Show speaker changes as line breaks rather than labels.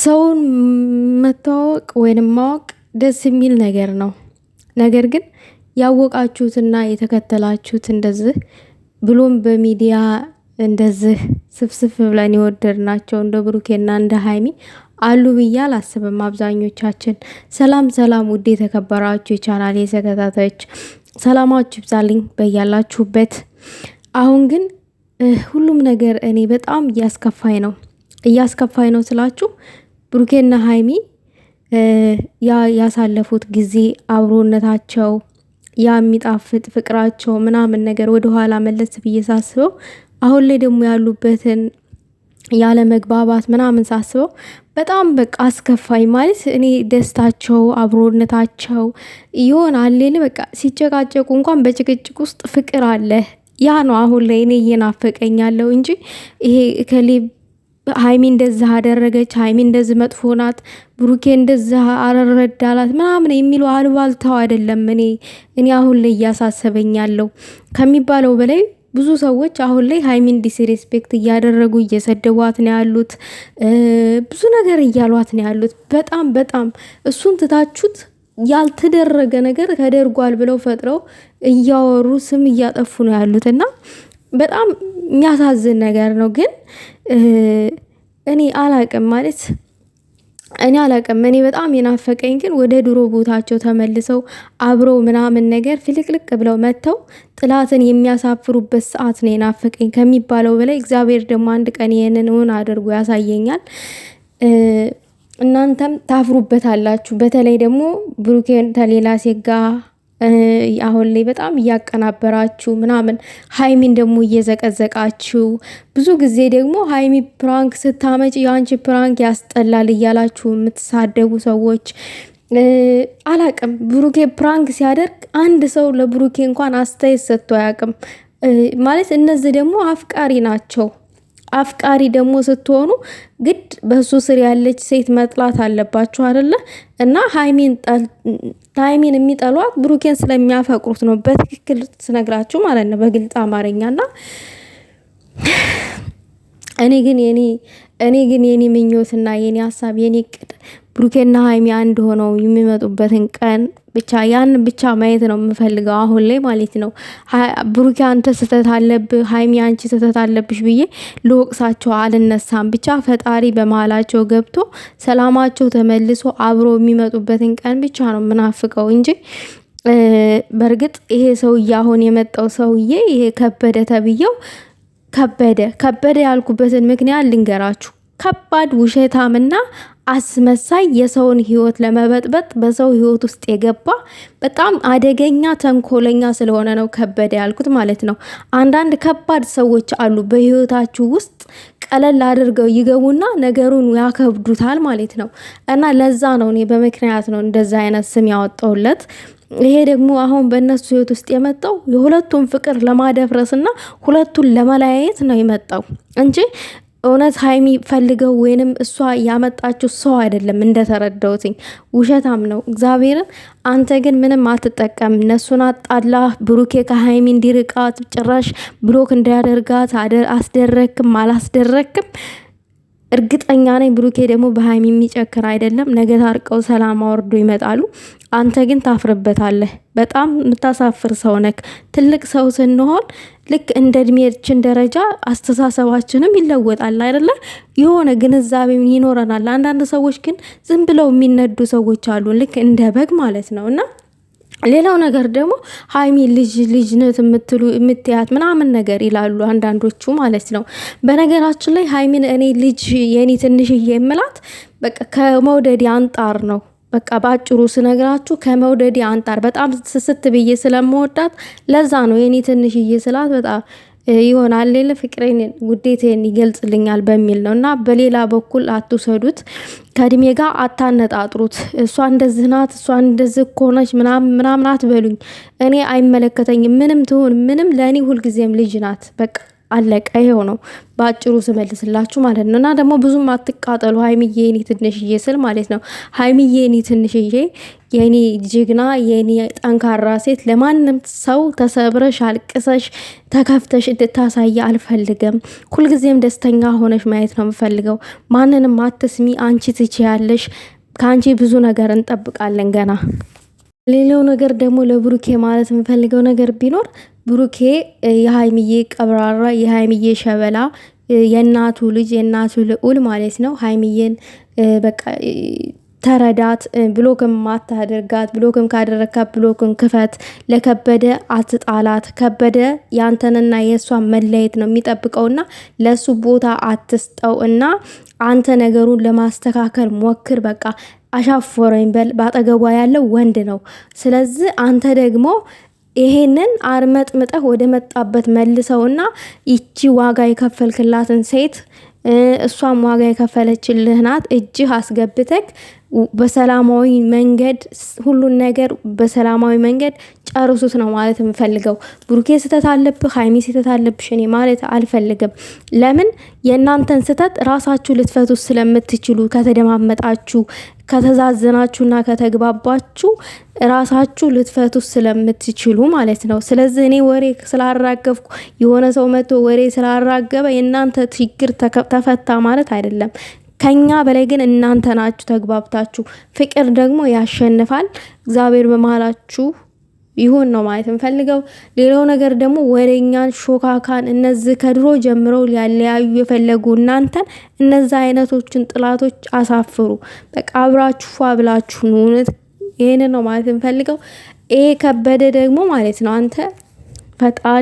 ሰውን መተዋወቅ ወይንም ማወቅ ደስ የሚል ነገር ነው። ነገር ግን ያወቃችሁትና የተከተላችሁት እንደዚህ ብሎም በሚዲያ እንደዚህ ስፍስፍ ብለን የወደድናቸው እንደ ብሩኬና እንደ ሀይሚ አሉ ብዬ አላስብም። አብዛኞቻችን ሰላም ሰላም፣ ውድ የተከበራችሁ የቻናል የተከታታዮች ሰላማችሁ ይብዛልኝ በያላችሁበት። አሁን ግን ሁሉም ነገር እኔ በጣም እያስከፋኝ ነው እያስከፋኝ ነው ስላችሁ ብሩኬና ሀይሚ ያሳለፉት ጊዜ አብሮነታቸው ያ የሚጣፍጥ ፍቅራቸው ምናምን ነገር ወደኋላ መለስ ብዬ ሳስበው አሁን ላይ ደግሞ ያሉበትን ያለ መግባባት ምናምን ሳስበው በጣም በቃ አስከፋኝ። ማለት እኔ ደስታቸው አብሮነታቸው ይሆን አሌል በቃ ሲጨቃጨቁ እንኳን በጭቅጭቅ ውስጥ ፍቅር አለ። ያ ነው አሁን ላይ እኔ ያለው እንጂ ይሄ ከሌ ሀይሚ እንደዚህ አደረገች፣ ሀይሚ እንደዚህ መጥፎ ናት፣ ብሩኬ እንደዚህ አረረዳላት ምናምን የሚሉ አልባልታው አይደለም። እኔ እኔ አሁን ላይ እያሳሰበኛለሁ ከሚባለው በላይ ብዙ ሰዎች አሁን ላይ ሀይሚን ዲስሬስፔክት እያደረጉ እየሰደቧት ነው ያሉት፣ ብዙ ነገር እያሏት ነው ያሉት። በጣም በጣም እሱን ትታችሁት ያልተደረገ ነገር ተደርጓል ብለው ፈጥረው እያወሩ ስም እያጠፉ ነው ያሉት እና በጣም የሚያሳዝን ነገር ነው። ግን እኔ አላቅም ማለት እኔ አላቅም። እኔ በጣም የናፈቀኝ ግን ወደ ድሮ ቦታቸው ተመልሰው አብረው ምናምን ነገር ፍልቅልቅ ብለው መጥተው ጥላትን የሚያሳፍሩበት ሰዓት ነው የናፈቀኝ ከሚባለው በላይ። እግዚአብሔር ደግሞ አንድ ቀን ይህንን እውን አድርጎ ያሳየኛል። እናንተም ታፍሩበታላችሁ። በተለይ ደግሞ ብሩኬን ተሌላ ሴጋ አሁን ላይ በጣም እያቀናበራችሁ ምናምን ሀይሚን ደግሞ እየዘቀዘቃችሁ ብዙ ጊዜ ደግሞ ሀይሚ ፕራንክ ስታመጭ የአንቺ ፕራንክ ያስጠላል እያላችሁ የምትሳደቡ ሰዎች አላቅም። ብሩኬ ፕራንክ ሲያደርግ አንድ ሰው ለብሩኬ እንኳን አስተያየት ሰጥቶ አያቅም። ማለት እነዚህ ደግሞ አፍቃሪ ናቸው። አፍቃሪ ደግሞ ስትሆኑ ግድ በሱ ስር ያለች ሴት መጥላት አለባችሁ አይደለ? እና ሀይሚን የሚጠሏት ብሩኬን ስለሚያፈቅሩት ነው። በትክክል ስነግራችሁ ማለት ነው በግልጽ አማርኛና እኔ ግን የኔ እኔ ግን የኔ ምኞትና የኔ ሀሳብ የኔ ቅድ። ብሩኬና ሀይሚ አንድ ሆነው የሚመጡበትን ቀን ብቻ ያን ብቻ ማየት ነው የምፈልገው አሁን ላይ ማለት ነው። ብሩኬ አንተ ስህተት አለብህ፣ ሀይሚ አንቺ ስህተት አለብሽ ብዬ ልወቅሳቸው አልነሳም። ብቻ ፈጣሪ በመሀላቸው ገብቶ ሰላማቸው ተመልሶ አብሮ የሚመጡበትን ቀን ብቻ ነው የምናፍቀው እንጂ በእርግጥ ይሄ ሰውዬ አሁን የመጣው ሰውዬ ይሄ ከበደ ተብዬው ከበደ ከበደ ያልኩበትን ምክንያት ልንገራችሁ። ከባድ ውሸታምና አስመሳይ የሰውን ህይወት ለመበጥበጥ በሰው ህይወት ውስጥ የገባ በጣም አደገኛ ተንኮለኛ ስለሆነ ነው ከበደ ያልኩት ማለት ነው። አንዳንድ ከባድ ሰዎች አሉ በህይወታችሁ ውስጥ ቀለል አድርገው ይገቡና ነገሩን ያከብዱታል ማለት ነው። እና ለዛ ነው እኔ በምክንያት ነው እንደዚ አይነት ስም ያወጣውለት ይሄ ደግሞ አሁን በእነሱ ህይወት ውስጥ የመጣው የሁለቱን ፍቅር ለማደፍረስ ና ሁለቱን ለመለያየት ነው የመጣው እንጂ እውነት ሀይሚ ፈልገው ወይንም እሷ ያመጣችው ሰው አይደለም እንደተረዳውትኝ ውሸታም ነው። እግዚአብሔርን አንተ ግን ምንም አትጠቀም። እነሱን አጣላ ብሩኬ ከሀይሚ እንዲርቃት ጭራሽ ብሎክ እንዳያደርጋት አስደረክም አላስደረክም እርግጠኛ ነኝ ብሩኬ ደግሞ በሀይሚ የሚጨክር አይደለም። ነገ ታርቀው ሰላም አወርዶ ይመጣሉ። አንተ ግን ታፍርበታለህ። በጣም የምታሳፍር ሰው ነክ። ትልቅ ሰው ስንሆን ልክ እንደ እድሜችን ደረጃ አስተሳሰባችንም ይለወጣል አይደለ? የሆነ ግንዛቤ ይኖረናል። አንዳንድ ሰዎች ግን ዝም ብለው የሚነዱ ሰዎች አሉ፣ ልክ እንደ በግ ማለት ነው እና ሌላው ነገር ደግሞ ሀይሚ ልጅ ልጅነት የምትሉ የምትያት ምናምን ነገር ይላሉ አንዳንዶቹ ማለት ነው። በነገራችን ላይ ሀይሚን እኔ ልጅ የኔ ትንሽዬ የምላት በቃ ከመውደድ አንጣር ነው። በቃ በአጭሩ ስነግራችሁ ከመውደድ አንጣር በጣም ስስት ብዬ ስለመወዳት ለዛ ነው የኔ ትንሽዬ ስላት በጣም ይሆናል ሌለ ፍቅሬን ውዴቴን ይገልጽልኛል በሚል ነው እና በሌላ በኩል አትውሰዱት። ከእድሜ ጋር አታነጣጥሩት። እሷ እንደዚህ ናት፣ እሷ እንደዚህ ከሆነች ምናምን አትበሉኝ። እኔ አይመለከተኝም። ምንም ትሁን ምንም ለእኔ ሁልጊዜም ልጅ ናት። በቃ አለቀ። ይሄው ነው በአጭሩ ስመልስላችሁ ማለት ነው። እና ደግሞ ብዙም አትቃጠሉ። ሀይሚዬ እኔ ትንሽዬ ስል ማለት ነው ሀይሚዬ እኔ ትንሽዬ የኔ ጀግና፣ የኔ ጠንካራ ሴት ለማንም ሰው ተሰብረሽ፣ አልቅሰሽ፣ ተከፍተሽ እንድታሳይ አልፈልግም። ሁልጊዜም ደስተኛ ሆነሽ ማየት ነው የምፈልገው። ማንንም አትስሚ፣ አንቺ ትችያለሽ። ከአንቺ ብዙ ነገር እንጠብቃለን ገና። ሌላው ነገር ደግሞ ለብሩኬ ማለት የምፈልገው ነገር ቢኖር ብሩኬ የሀይሚዬ ቀብራራ፣ የሀይሚዬ ሸበላ የእናቱ ልጅ የእናቱ ልዑል ማለት ነው። ሀይሚዬን በቃ ተረዳት ብሎክም ማታደርጋት ብሎክም ካደረግካት ብሎክን ክፈት። ለከበደ አትጣላት። ከበደ የአንተንና የእሷን መለየት ነው የሚጠብቀውና ለእሱ ቦታ አትስጠው እና አንተ ነገሩን ለማስተካከል ሞክር። በቃ አሻፎረኝ በል። ባጠገቧ ያለው ወንድ ነው። ስለዚህ አንተ ደግሞ ይሄንን አርመጥምጠህ ወደ መጣበት መልሰውና ይቺ ዋጋ የከፈልክላትን ሴት እሷም ዋጋ የከፈለችልህ ናት እጅህ አስገብተክ በሰላማዊ መንገድ ሁሉን ነገር በሰላማዊ መንገድ ጨርሱት ነው ማለት የምፈልገው። ብሩኬ ስህተት አለብህ፣ ሀይሚ ስህተት አለብሽ እኔ ማለት አልፈልግም። ለምን የእናንተን ስህተት ራሳችሁ ልትፈቱ ስለምትችሉ ከተደማመጣችሁ ከተዛዘናችሁና ከተግባባችሁ ራሳችሁ ልትፈቱ ስለምትችሉ ማለት ነው። ስለዚህ እኔ ወሬ ስላራገብኩ የሆነ ሰው መቶ ወሬ ስላራገበ የእናንተ ችግር ተፈታ ማለት አይደለም። ከኛ በላይ ግን እናንተ ናችሁ ተግባብታችሁ። ፍቅር ደግሞ ያሸንፋል። እግዚአብሔር በመሀላችሁ ይሁን ነው ማለት የምፈልገው። ሌላው ነገር ደግሞ ወሬኛን፣ ሾካካን እነዚህ ከድሮ ጀምረው ሊያለያዩ የፈለጉ እናንተን እነዚ አይነቶችን ጥላቶች አሳፍሩ። በቃ አብራችሁ አብላችሁ እውነት ይህንን ነው ማለት የምፈልገው። ይሄ ከበደ ደግሞ ማለት ነው አንተ ፈጣሪ